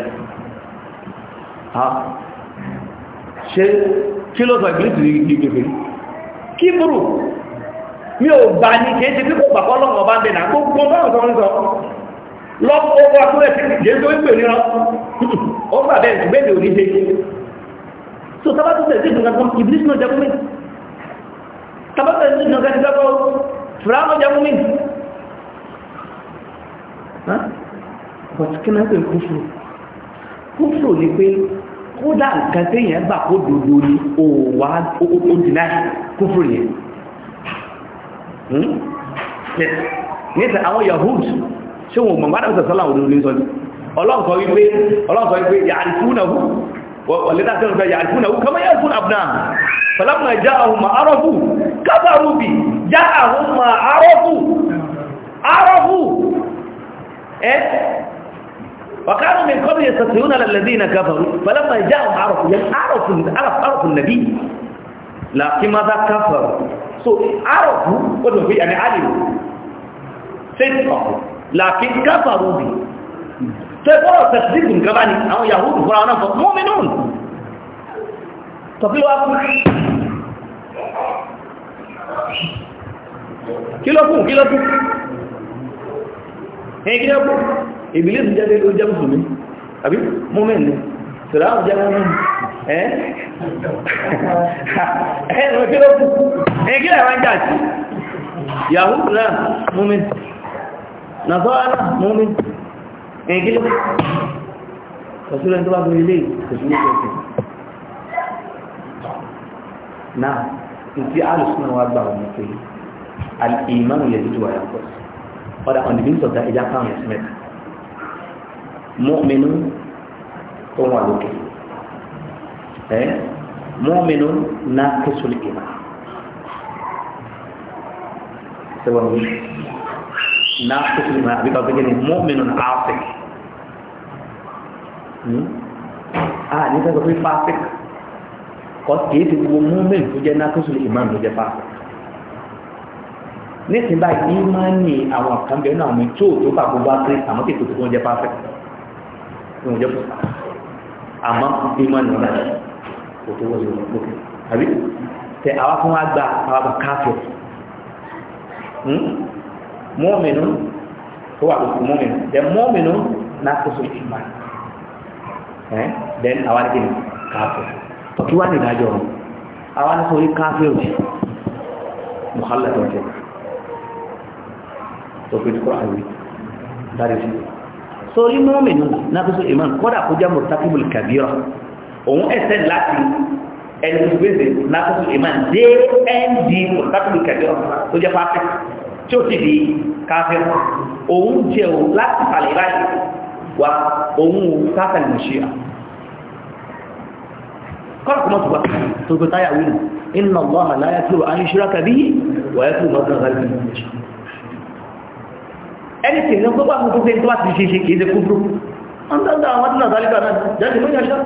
ṣe kí ló sọ ìgbìlì tìrí ìgbègbè kí búrú mi ò gbà ní kìí ṣe pípò pàpọ̀ lọ́wọ́ bá ń bẹ̀ náà gbogbo báwọn sọ ń sọ lọ́pọ̀ owó akúrẹ̀ tí kìí tó ń pè níran ó gbà bẹ́ẹ̀ ṣùgbẹ́ mi ò ní ṣe so tabatu tẹ̀ sí ìgbìngàn kan ìbílí sínú jẹ́ gómìn tabatu tẹ̀ sí ìgbìngàn kúfùrù ni pé kódà nǹkan téèyàn gbà kó dòdò ni òwà ó dìnnà kúfùrù yẹn níta hmm? àwọn yahood ṣe wọn mọ̀ mọ́dá ìsọ̀sọ́lá òdò ní sọ́jú ọlọ́nkọ̀ wípé ọlọ́nkọ̀ wípé yàrífúnàwó ọ̀lẹ́dàtẹ́rùfẹ́ yàrífúnàwó kama yàrífún àbúnà falamma já ahùn ma arọ́fù kábàrù bì já ahùn ma arọ́fù arọ́fù ẹ́ وكانوا من قبل يستطيعون للذين كفروا فلما جاءهم عرفوا يعني عرفوا عرف عرفوا النبي لكن ماذا كفروا so عرفوا قلوا يعني علموا لكن كفروا به فقالوا تصديق كمان او يهود فرعون مؤمنون تقولوا kí ló kù kí ló ìbílísì jẹ́ ló jẹ́ mùsùlùmí àbí mọ́mìn ni sìláàmù eh mọ́mìn kira, eh kira ló kú ẹ̀yìn kí làwọn jà sí yahoo náà mọ́mìn nàfọ́wá náà mọ́mìn ẹ̀yìn kí ló kú ọ̀sùlẹ̀ tó bá fi ilé ìkòsílẹ̀ ìkòsílẹ̀ náà ìtí alùsùnà wa gbà wọn pé alìmọ́nù yẹ̀ títí wà yàtọ̀ ọ̀dà mọ́mìnú tó wà lókè ẹ́ mọ́mìnú náà kẹsùlù ìmà sẹ́wọ̀n náà kẹsùlù ìmà àbíkà ọ̀gbẹ́gẹ́ ni mọ́mìnú àásìk a ní sẹ́wọ̀n pé fásìk kọ́ kìí ti wo mọ́mìnú tó jẹ́ náà kẹsùlù ìmà ló jẹ́ fásìk nísìnyí báyìí ìmánì àwọn kan bẹ̀rẹ̀ náà mi tó tó bá gbogbo àkírí àmọ́ kí ètò tó ń jẹ́ fún ọjọ́ pọ̀ àmọ́ ìmọ̀ ní ọ̀rọ̀ yìí kò tó wọ́n yóò lókè àbí tẹ àwa fún wa gba àwa bá káfẹ́ hmm? mọ́ọ̀mìnú tó wà lókè mọ́ọ̀mìnú tẹ mọ́ọ̀mìnú náà ìmọ̀ ẹ̀ then àwa ní kíni káfẹ́ tọ́kí wá ní ìdájọ́ ọ̀run àwa ní sórí káfẹ́ òjì mọ̀hálà tó ń tẹ̀lé tó fi kọ́ àwí dárí sí i torí mọ́mìnú náfíṣù imam kọ́dà kó jẹ́ mọ̀tákìbùl kàbírọ̀ òun ẹ̀sẹ̀ láti ẹni tó gbé náfíṣù imam dé ẹ́ndì mọ̀tákìbùl kàbírọ̀ tó jẹ́ fáfẹ́ tí ó sì di káfẹ́ òun jẹ́ o láti falẹ̀ báyìí wa òun káfẹ́ lè ṣe kọ́dà kó mọ́tò wá tó gbé táyà ẹni tí ìlú gbogbo àwọn gbogbo tó wá ti ṣeṣe kìí ṣe kúrú ọ̀dọ́dọ̀ àwọn tí náà sálíbà náà jáde fún yàṣá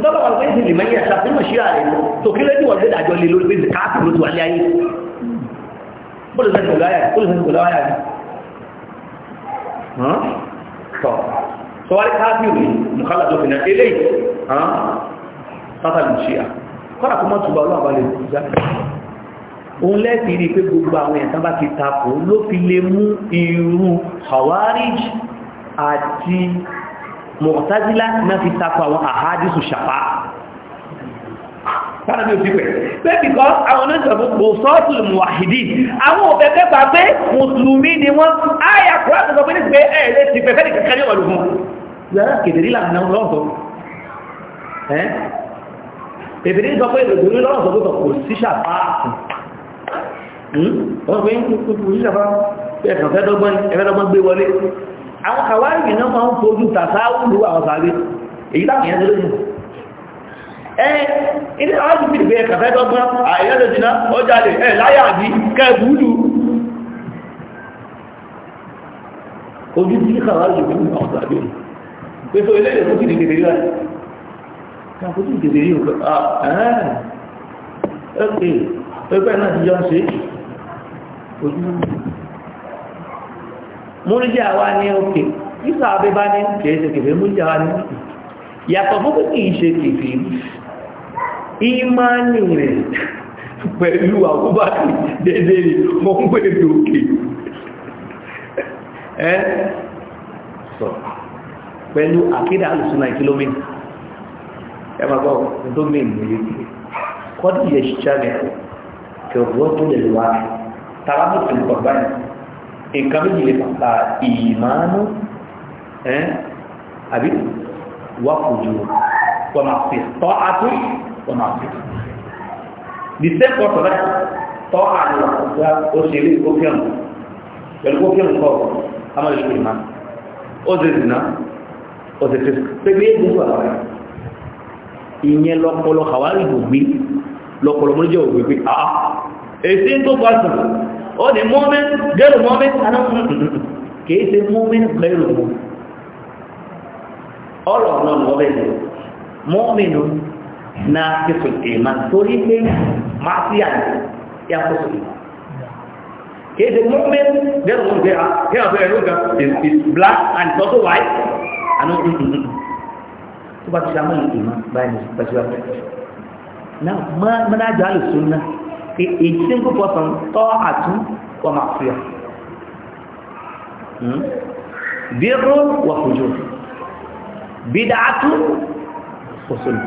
ntọ́lọ́wọ́ pé ìsìn ìmọ̀ yàṣá tí mọ̀ ṣíra rẹ̀ tó kí lẹ́jì wọ́n dájọ́ lé lórí pé káàkì ló ti wà lé ayé bọ́lù sẹ́sìn kò láyà bọ́lù sẹ́sìn kò láyà rẹ̀ tọ́ sọwárí káàkì rẹ̀ mùkálà tó fìnà eléyìí sáfà lè ṣíra kọ́nà kó mọ́ òun lẹ́sìn rí pé gbogbo àwọn ẹ̀sán bá ti tapò ló fi lè mú irú hawarij àti mọ̀tàdílá náà fi tapò àwọn àhádìsù ṣàpá sára ní òsìpẹ̀ pé bìkọ́ àwọn oníṣẹ̀bù kò sọ́ọ̀tù mùwàhìdì àwọn òfẹ́fẹ́ gbà pé mùsùlùmí ni wọ́n áyà kúrò àti sọ pé ní pé ẹ̀ẹ́dẹ́ ti fẹ́fẹ́ ní kankan Hmm? wọ́n fi ń kúkú ìṣàfá ẹ̀kàn fẹ́dọ́gbọ́n gbé wọlé àwọn kàwárí náà máa ń fojú tàṣáwùlú àwọn sàárè èyí láàrín ẹ̀dọ́ lónìí ẹ̀ ilé àwọn ti fìdí pé ẹ̀kàn fẹ́dọ́gbọ́n àìyẹ́lẹ́dìná ọjàlẹ̀ ẹ̀ láyà àbí kẹ́ẹ̀bùúdù ojú tí kàwárí jù fún àwọn sàárè pé so ilé ìlú ti dìde rí láì kàkójú ìdìde rí ọ̀pẹ́ náà ti yọ ń ṣe múrídìí àwa ní òkè ìsọ abẹ́ bá ní kìí ṣe kèfèé múrídìí àwa ní òkè yàtọ̀ fún pé kìí ṣe kèfèé ìmánì rẹ̀ pẹ̀lú àkóbá dédé mọ́ ń pè ní òkè ẹ́ sọ pẹ̀lú àkídà alùsùnà ìkílómì ẹgbàgbọ́ tó mẹ́ ìmúlé kọ́dí tó lè wáyé tàbá tó fi nǹkan báyìí nǹkan méjì lè pàpà ìmánú àbí wà fojú wọ́n máa fi tọ́ àtú wọ́n máa fi the same person right tọ́ àlùwà ó ṣe lé ó fẹ́ràn pẹ̀lú ó fẹ́ràn kọ́ a máa lè ṣe ìmánú ó ṣe dìnnà ó ṣe tẹ́sí pé bí égbó ó ní mọ́mìn gẹ́rù mọ́mìn anáwọ̀n kìí ṣe mọ́mìn gẹ́rù mọ́ ọ̀rọ̀ náà mọ́mìn mọ́mìn na kíkùn ìmá torí pé máa sí àyè ya kó sí kìí ṣe mọ́mìn gẹ́rù mọ́ gẹ́rù gẹ́rù black and also white anáwọ̀n hmm, hmm, hmm, tó bá ti ṣe amóhùn ìmá báyìí pàṣípàṣẹ náà mọ́nájọ́ a single person tọ́ àtún wọ́n máa fi ọ̀ hmm? bírò wà fòjò bídá àtún òṣèlú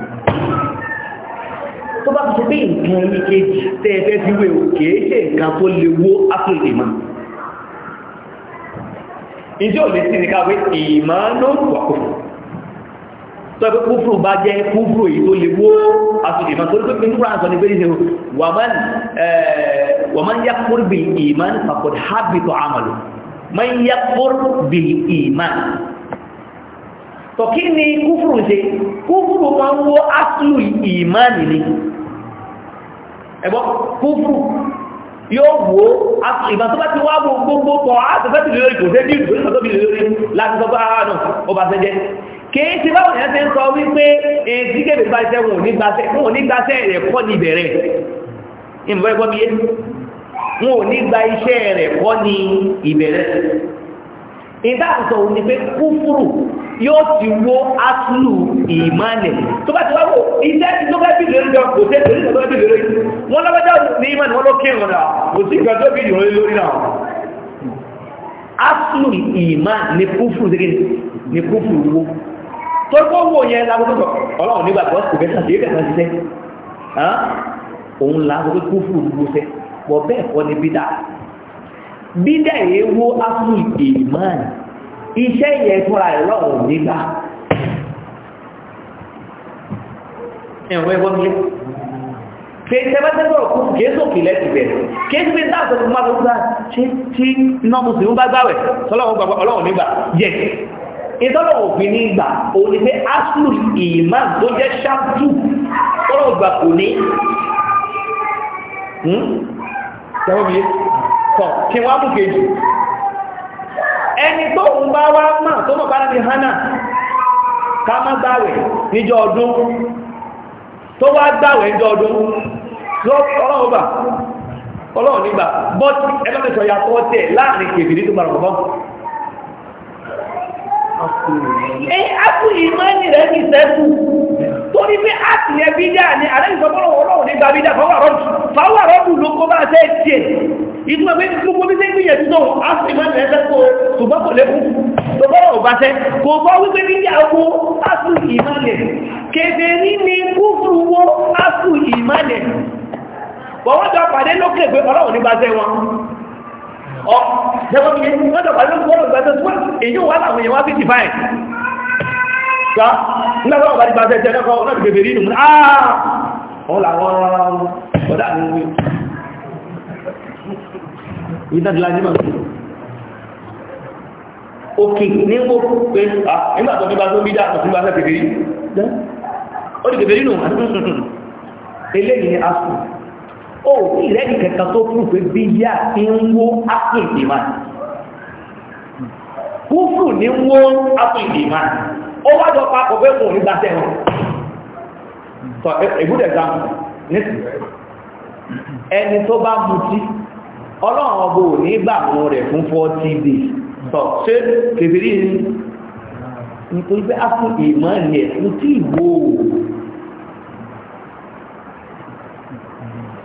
tó bá tó bí nǹkan ní kejì tẹ́ẹ̀fẹ́ fi wé òkè ṣe nǹkan tó lè wó ápùlè máa ìjọ́ lè sí ní káwé ìmọ̀ ló wà kòfò tọ́pẹ́ kúfùrù bá jẹ́ kúfùrù èyí tó lè wó asùnlẹ̀ máa torí pé nígbà àǹsọ̀ ní pé níṣẹ́ wàmán yakfur bil iman faqad habita amalu man yakfur bil iman tọ̀kí ni kúfùrù ṣe kúfùrù máa ń wó asùlù iman ni ẹ̀bọ́ kúfùrù yóò wó ìgbà tó bá ti wá gbogbo pọ̀ á ti fẹ́ ti lè lórí kò kìí ti báwọn èèyàn ti ń sọ wípé èdè kébè bá iṣẹ́ wọn ò ní gbàṣẹ́ wọn ò ní gbàṣẹ́ rẹ̀ kọ́ ní ìbẹ̀rẹ̀ ìmọ̀ ẹ̀gbọ́n mi yé wọn ò ní gba iṣẹ́ rẹ̀ kọ́ ní ìbẹ̀rẹ̀ ìdá àtọ̀ òní pé kúfúrù yóò ti wó áṣùlù ìmánẹ̀ tó bá ti wá wò iṣẹ́ ti tó bẹ́ẹ̀ bìlẹ̀ lórí kò tẹ́ lórí tó bẹ́ẹ̀ bìlẹ̀ lórí wọn lọ́wọ́dá ní ìmánẹ̀ wọn ló kí ìrọ̀nà kò sí ìgbà tó bìlẹ̀ lórí lórí náà áṣùlù ìmánẹ̀ kúfúrù ní kúfúrù wó tó kó wò yẹn lágbókòtò ọlọ́run nígbàgbọ́ kò fẹ́ sàdé bẹ́ẹ̀ kan ṣiṣẹ́ òun lágbókò kó fún olùgbò sẹ́ pọ̀ bẹ́ẹ̀ kọ́ ni bídà bídà yẹn wó áfúrú ìmán iṣẹ́ yẹn fúnra ẹ̀ lọ́rùn nígbà ẹ̀wọ̀n ẹ̀wọ̀n mi kéèké bá tẹ́ bọ̀rọ̀ fún kéèké òkè lẹ́tì bẹ̀rẹ̀ kéèké bí dáa sọ́dún máa tó gbà tí iná mùsùlùmí bá gbàwẹ̀ ọlọ́run nígbà yẹ ìtọ́lọ̀ òfin ní ìgbà òun ni pé aslu ìmá tó jẹ́ ṣáàtù tọ́lọ̀ ìgbà kò ní hmm? ṣẹ́wọ́n kọ̀ kí wọ́n mú kejì ẹni tó ń bá wá mọ̀ tó mọ̀ bá ní hánà ká má gbàwẹ̀ níjọ́ ọdún tó wá gbàwẹ̀ níjọ́ ọdún lọ́wọ́ bá Ee eh, ápù ìmánì rẹ̀ kì í sẹ́kù. Torí pé ápù yẹn bídà ni àlẹ́ ìsọ̀bọ̀lọ̀ ọlọ́run ní gba bídà fáwọn àrọ́dù. Fáwọn àrọ́dù ló kó bá ṣe tiẹ̀. Ìgbà pé gbogbo bí ṣe gbìyànjú náà, ápù ìmánì rẹ̀ sẹ́kù ṣùgbọ́n kò lékún. Ṣùgbọ́n ò bá ṣẹ́. Kò bọ́ wípé bídà owó ápù ìmánì. Kèfèrí ni kúfù wo ápù ìmánì. Bọ̀wọ́jọ pàdé lókè pé ọlọ́run ní ọ jẹ́kọ́ mi yẹn lọ́dọ̀ pàdé lọ́dọ̀ gbàdé tó èyí wà láwọn èèyàn wá sí ti fáìn ṣá nígbàgbọ́ ọ̀gá ti gbàdé jẹ́ lẹ́kọ́ náà ti bèbè rí nù áà wọ́n làwọn ọ̀dà mi wí ìdájọ́ ajé máa ń sọ òkè ní ó pé nígbàtọ̀ bí bá tó bí dá ó tí ìrẹ́dì kẹta tó fún pé bí yá ti ń wó ápù ìdìmá kúfù ní wó ápù ìdìmá ó wájọ pa so a good example ẹni tó bá mutí ọlọ́run ọgbọ̀ gbà mú rẹ̀ fún 40 days so nítorí pé ápù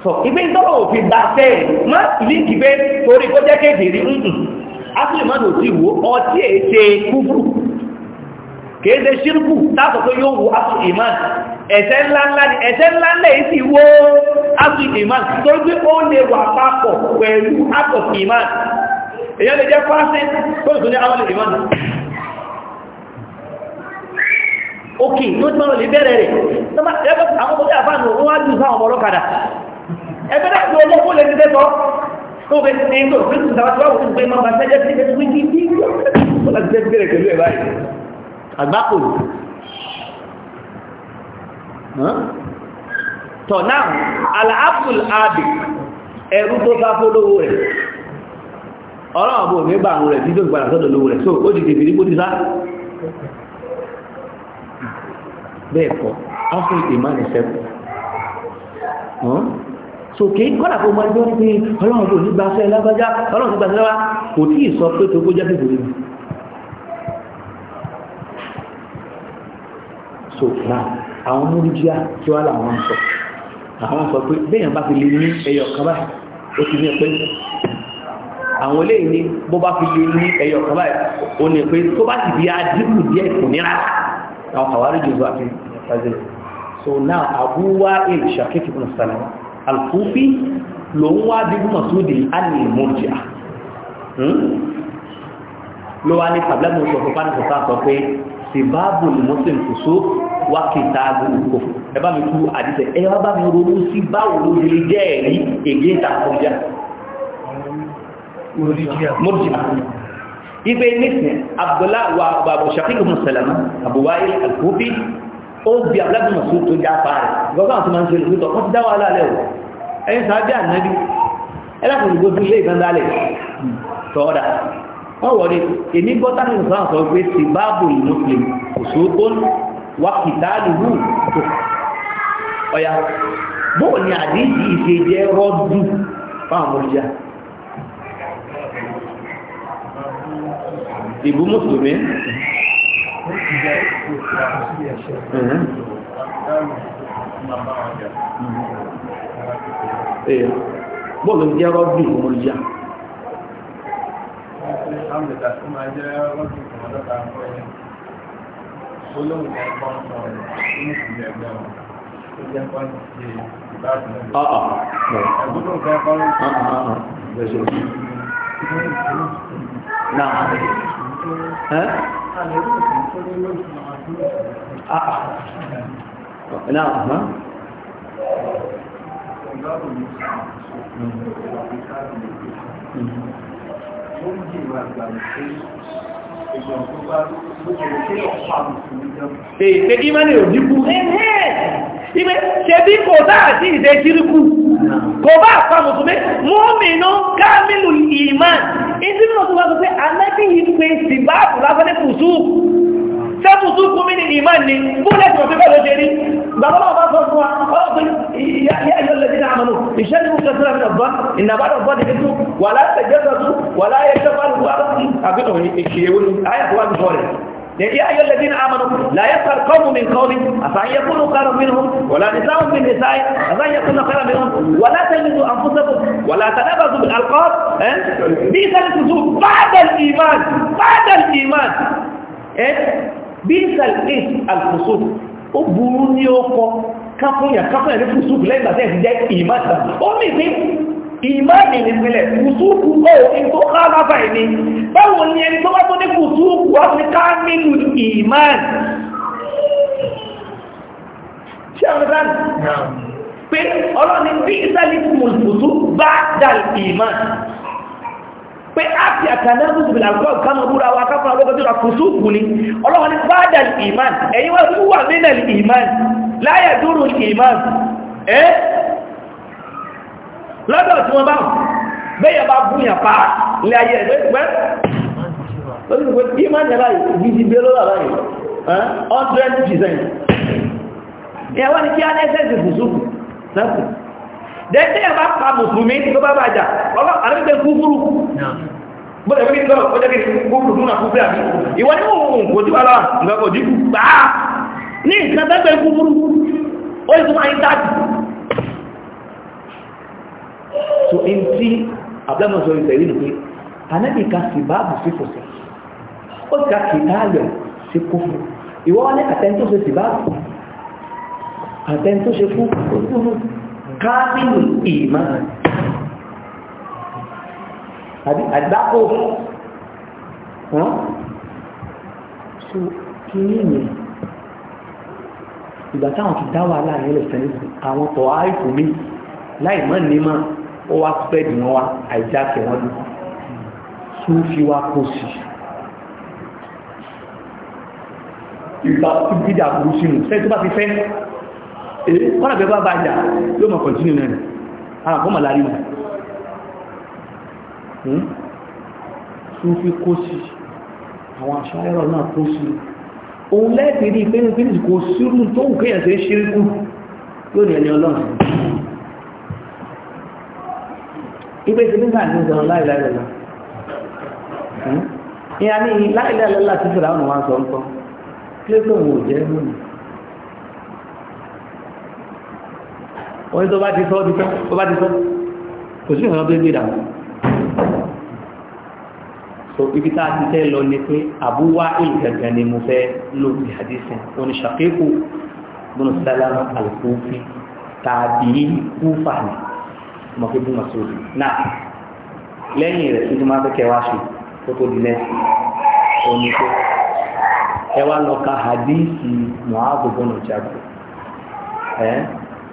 sọ ibi ìtọ́rọ̀ òfin dá fẹ́ẹ̀ má ní ìgbé torí kó jẹ́ kéde rí nùn asìlè má lò sí wo ọtí èsè kúkú kéde ṣírùkù táàtọ̀ pé yóò wo asìlè ìmáà ẹ̀ṣẹ̀ ńláńlá ni ẹ̀ṣẹ̀ ńláńlá yìí ti wó asù ìmán tó gbé ó lè wà papọ̀ pẹ̀lú apọ̀ ìmán èyàn lè jẹ́ fásí tó ìtò ní àwọn ìmán òkè ló tí wọ́n lè bẹ̀rẹ̀ rẹ̀ ẹgbẹ́ náà tó ọlọ́pọ̀ lẹ́ni tẹ́tọ́ tó bẹ ti ní tó fún ìdáwà tó wáwọ̀ pé máa bá sẹ́jẹ́ sí ẹgbẹ́ wíkí bí ó láti jẹ́ bẹ̀rẹ̀ pẹ̀lú ẹ̀ báyìí àgbákò tọ̀ náà aláàbùl àbì ẹ̀rú tó bá fólówó rẹ̀ ọ̀rọ̀ àbò ní bá àwọn rẹ̀ títò ìgbàlá sọ́dọ̀ lówó rẹ̀ so ó di kèfèrí kó ti sá bẹ́ẹ̀ kọ́ áfíríkì máa ní sẹ́kù sòkè kọ́nà kó máa jọ níbi ọlọ́run tó ní gbàṣẹ́ lágbájá ọlọ́run tó gbàṣẹ́ lágbá kò tí ì sọ pé tó kó jẹ́ bíbò nínú so now àwọn múrídíà tí wọ́n làwọn sọ àwọn sọ pé béèyàn bá fi lè ní ẹyọ kan báyìí ó ti ní pé àwọn eléyìí ní bó bá fi lè ní ẹyọ kan báyìí ó ní pé tó bá sì di adínkù díẹ̀ ìkùnira àwọn àwárí jù so now àbúwá èlùsàkéèkì fún ìsàlẹ̀ wọn alkufi ló ń wá bíbú masudi ánì mọ́jà ló wá ní tàbílẹ́ mọ́ sọ sọ pé sìbáàbù ni muslim kò só wá kìtà gbogbo ẹ bá mi kú àdìsẹ ẹ wá bá mi ronú sí báwo ló lè jẹ́ ẹ̀rí ègé ta kọjá mọ́jà ibe nísìn abdullá wa babu shafiq musalama abuwaye alkufi ó bí abdullá bí masudi tó já fáàrẹ̀ gbogbo àwọn tó máa ń wọ́n ti dá wàhálà ẹ̀yìn sàábí ànábí ẹlẹ́kùn ìgbó fi lé ìbẹ́ndálẹ̀ tọ́ọ̀dà wọ́n wọ́n ni èmi gbọ́ tánà ìsọ́nà sọ pé ti báàbù muslim kò só tó wà kìtà lùhù tó ọ̀yà bóò ni àdíjì ìṣe jẹ́ rọ́dù Mm-hmm bọ́ọ̀lù jẹ́ rọ́bì mo yá Náà. Ẹ́? ó ń jìnà àgbà ìgbọ̀n tó bá lókèrè tí ọ̀pá mùsùlùmí jẹun. Èèfé ìmọ́lẹ̀ ò díkú. Ibẹ̀ ṣe bí kò dáa sí ìdẹ jíríkù, kò bá àpá mùsùlùmí, mọ́mìnà káàmìlù ìmá. Ìdí mọ̀ tó wá sọ pé àmẹ́bí ìpè sì bá àpùlá fẹ́lẹ́ kùsù sẹ́tù tún kú mí ní ìmán ni bó lè tún òfin bẹ́ẹ̀ ló ṣe rí bàbá bàbá sọ fún wa ọlọ́pẹ́ ìyá ayọ́ lè dín àmọ́ ìṣẹ́ ní kúkẹ́ sílẹ̀ ọ̀gbọ́ ìnàbàdà ọ̀gbọ́ ni tún wà láì tẹ̀jẹ́ sọ́tún wà láì ẹjọ́ bá lùkú àbíkọ̀ ìṣèwé ni ayàtọ̀ wá bìfọ́ rẹ̀ يا أيها الذين آمنوا لا يسخر قوم من قوم عسى يكونوا خيرا منهم ولا نساء من نساء عسى يكونوا خيرا منهم ولا تلمزوا أنفسكم ولا تنابزوا بالألقاب بئس الفسوق بعد الإيمان بعد الإيمان bíṣàl is alfusuf ó burú ní ọkọ̀ káfúnyà káfúnyà ní fusuf lẹ́gbà tẹ́ ti jẹ́ ìmáta ó mì sí ìmáàdì nípìnlẹ̀ fùsùkù ó ní tó ká lábà ìní báwo ni ẹni tó bá tó ní fùsùkù wá fi ká nínú ìmáàdì ṣe àwọn ìdáni pé ọlọ́ni bí ìsàlẹ̀ fùsùkù pé áàpì àtàlẹ́gùsù bí làkọ́ ìkánu búra wa káfà lọ́gọ́dún ra kùsù kù ní ọlọ́wọ́n ní bádà ìmán ẹ̀yìn wọ́n tún wà nínà ìmán láyẹ̀ dúró ìmán ẹ́ lọ́dọ̀ tí wọ́n bá bẹ́yẹ̀ bá búyàn pa ilé ayé ẹgbẹ́ ìyàwó ni kí á ní ẹsẹ́ ìsìnkú sókù dẹ́tẹ́ ẹ̀ bá pa mùsùlùmí tó bá bàjá ọlọ́ àrígbẹ̀ kúfúrú bọ́lẹ̀ fẹ́ kí lọ́rọ̀ kọjá kí kúfúrú tún náà kúfúrú àbí ìwọ ní òun kò tí wà lọ́wọ́ nǹkan kò dínkù gbà á ní so in tí abúlẹ́mọ̀sọ ìtẹ̀rí nù pé anábì ká sì bá bù sí fòsẹ̀ ó ti ká kì náà lẹ̀ sí kúfúrú ìwọ wọn ní àtẹ́ntó ṣe sì bá àtẹ́ntó ṣe kúfúrú káàbìnì ìmá àbí àdákò wọ́n Su, kí ní ìyẹn ìgbà táwọn ti dá wàhálà yẹn lè sẹ́yìn àwọn tọ̀ àìkú mi láì mọ́ ní mọ́ ó wá pẹ́ẹ́dì wọn wá àìjá tẹ̀wọ́n lù tún fi wá kó sí ìgbà tí dídà sínú sẹ́yìn tó bá fi fẹ́ Eh, wọ́n àbẹ́ bá bájá ló mọ̀ kọ̀tínú náà ara ah, kọ́ mọ̀ lárí mọ̀ ṣúfí kó sí àwọn aṣáyẹ̀rọ náà kó sí òun lẹ́ẹ̀kì rí pé ní pínlẹ̀ kò sírù tó ń kéyàn sí ṣíríkù yóò ní ẹni ọlọ́run ibẹ̀ ti nígbà ní ìjọ láìláìlọ́lá hmm? ìyá ní láìláìlọ́lá ti fìrà ọ̀nà wọn sọ ń kọ́ wọ́n ní tó bá ti sọ ti tán tó bá ti sọ kò sí ìrànlọ́ tó gbé dà so ibi tá a ti tẹ́ lọ ni pé àbúwá ìlgàgà ni mo fẹ́ ló fi hadisi wọn ni ṣàkékù bùnú sálámà àlùkòfì tàbí kúfà ni mo náà lẹ́yìn rẹ̀ tuntun máa fẹ́ kẹwàá ṣe tó tó di lẹ́sìn òní pé ẹ lọ ka hadisi Mu'adh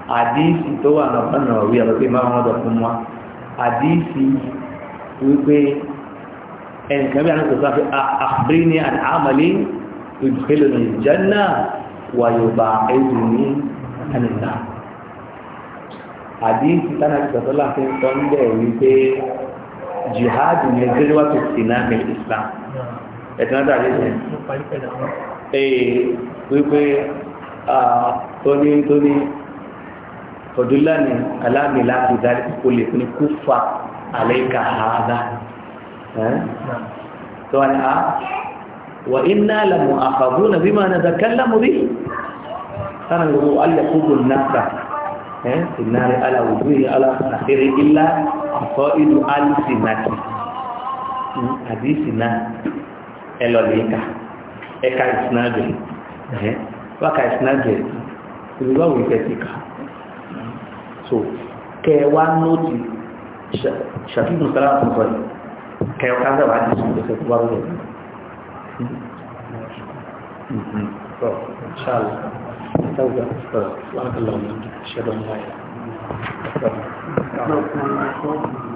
àdíìsì tó wà lọ́nà orí ọ̀rọ̀ pé máa wọ́n dọ̀ fún wa àdíìsì wípé ẹnìkan bí anáko sáfẹ́ àbírí ní àmàlé ìdùkẹ́lẹ̀ ní ìjánná wà yorùbá ẹ̀dùn ní ànìlá àdíìsì tánà ti sọ̀tọ́ láti ń sọ ń bẹ̀ wípé jihad ní ẹgbẹ́rẹ́wà tó sì náà fọdúlánì aláàmìlá ti dárí kó lè fún ní kú fa àlẹ́kà àádá tó wà ní a ah, wà iná lamu àfàbú na bí máa na zakar lamu bí sára gbogbo alẹ́kùnkùn náà ìnáre aláwùjú aláàfẹ́rẹ́ ilá àtọ́ inú alìsìnàtì hmm, àdìsìnà ẹlọ́lẹ́ka ẹka ìsìnàgbẹ̀ wákà ìsìnàgbẹ̀ ìrúbáwò ìfẹ́ ti kàá so kẹwa nóòtì ṣàfihàn sára fún sọ yìí kẹwa káńtà wà ní sùn lẹ́sẹ̀ tó wà lórí ẹ̀ Thank mm-hmm. you.